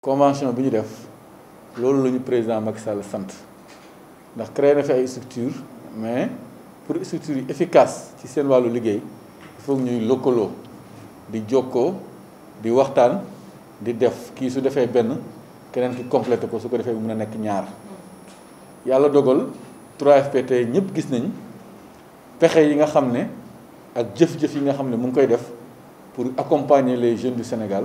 convention bi ñu def loolu la ñu président Macky Sall sant ndax créé na fi ay structure mais pour structure efficace ci seen wàllu liggéey il faut ñuy lëkkaloo di jokkoo di waxtaan di def kii su defee benn keneen ki complété ko su ko defee mën a nekk ñaar yàlla dogal 3FPT ñëpp gis nañ pexe yi nga xam ne ak jëf-jëf yi nga xam ne mu ngi koy def pour accompagner les jeunes du Sénégal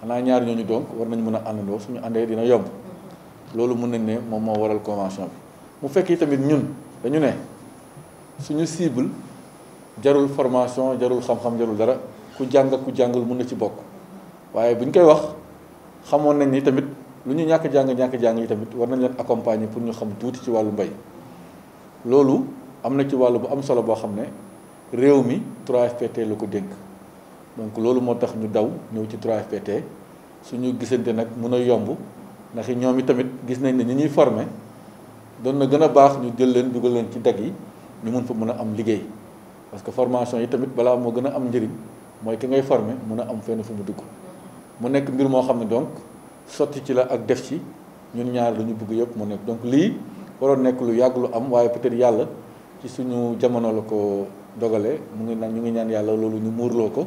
xanaa ñaar ñooñu donc war nañ mën a àndandoo suñu àndee dina yomb loolu mën nañ ne moom moo waral convention bi mu fekkee tamit ñun dañu ne suñu cible jarul formation jarul xam-xam jarul dara ku jàng ku jàngul mën na ci bokk waaye buñ koy wax xamoon nañ ni tamit lu ñu ñàkk jàng ñàkk jàng yi tamit war nañ leen accompagner pour ñu xam tuuti ci wàllu mbay loolu am na ci wàllu bu am solo boo xam mi 3FPT ko donc loolu moo tax ñu daw ñëw ci 3FPT suñu gisante nag mun a yomb ndax ñoom i tamit gis nañ ne ñi ñuy formé doon na gën a baax ñu jël leen dugal leen ci dag yi ñu mun fa mën a am liggéey parce que formation yi tamit balaa moo gën a am njëriñ mooy ki ngay formé mun a am fenn fu mu dugg mu nekk mbir moo xam ne donc sotti ci la ak def ci ñun ñaar lu ñu bugg yëpp mu nekk donc lii waroon nekk lu yàgg lu am waaye peut-être yàlla ci suñu jamono la ko dogale mu ngi naan ñu ngi ñaan yàlla loolu ñu muurloo ko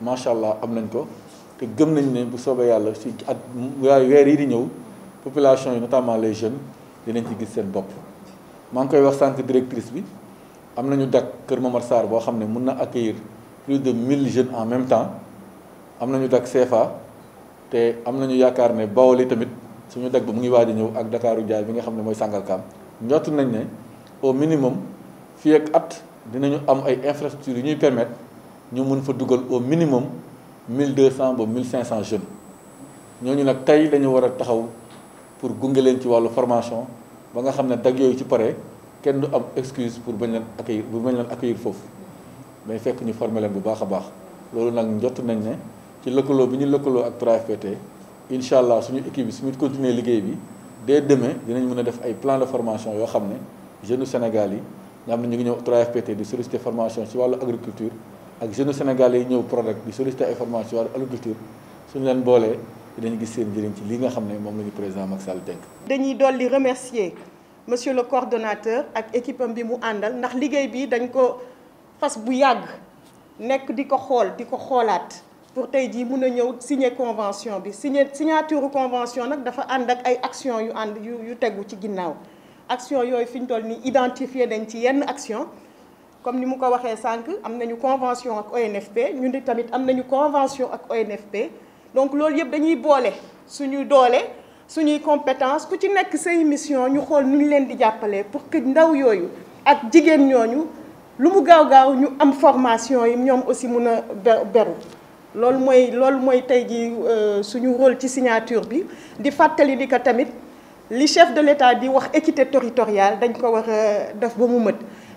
macha allah am nañ ko te gëm nañ ne bu soobee yàlla si at weer yi di ñëw population yi notamment les jeunes dinañ ci gis seen bopp. maa ngi koy wax sànq directrice bi am na ñu dak Kër Momar Sarr boo xam ne mun na accueillir plus de mille jeunes en même temps am na nañu dak CFA te am nañu yaakaar ne Bawol yi tamit suñu dak bi mu ngi waaj a ñëw ak ndakaaru Jaay bi nga xam ne mooy sangalkaam njott nañ ne au minimum fii ak at dinañu am ay infrastructures yu ñuy permettre. ñu mun fa dugal au minimum mille deux cent ba mille cinq cent jeunes ñooñu nag tey dañu war a taxaw pour gunge leen ci wàllu formation ba nga xam ne dag yooyu ci pare kenn du am excuse pour bañ leen accueillir pour bañ leen accueillir foofu mais fekk ñu former leen bu baax a baax loolu nag njott nañ ne ci lëkkaloo bi ñu lëkkaloo ak 3FPT incha allah suñu équipe bi suñu continuer liggéey bi dès demain dinañ mën a def ay plan de formation yoo xam ne jeunes Sénégal yi nga xam ñu ngi ñëw 3FPT di solliciter formation ci wàllu agriculture ak jeunes sénégalais yi ñëw Prodac di sollicité ay formation wàllu agriculture suñu leen boolee dinañ gis seen njëriñ ci li nga xam ne moom la ñu président Macky Sall dénk. dañuy dolli remercier monsieur le coordonnateur ak équipe bi mu àndal ndax liggéey bi dañ ko fas bu yàgg nekk di ko xool di ko xoolaat pour tey jii mun a ñëw signer convention bi signer signature convention nag dafa ànd ak ay action yu ànd yu yu tegu ci ginnaaw action yooyu fi ñu toll nii identifier dañ ci yenn action comme ni mu ko waxee sànq am convention ak ONFP ñun di tamit am nañu convention ak ONFP donc loolu yëpp dañuy boole suñu doole suñuy compétence ku ci nekk say mission ñu xool nu ñu leen di jàppale pour que ndaw yooyu ak jigéen ñooñu lu mu gaaw gaaw ñu am formation yi ñoom aussi mun a beru loolu mooy loolu mooy ji euh, suñu rôle ci signature bi di fatali ni que tamit li chef de l'État di wax équité territoriale dañ ko wax a def ba mu meut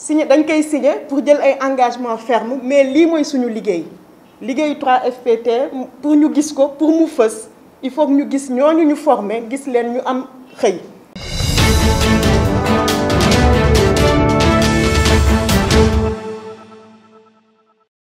signé dañ koy signé pour jël ay engagement ferme mais lii mooy suñu liggéey liggéeyu 3FPT pour ñu gis ko pour mu fës il faut que ñu gis ñooñu ñu formé gis leen ñu am xëy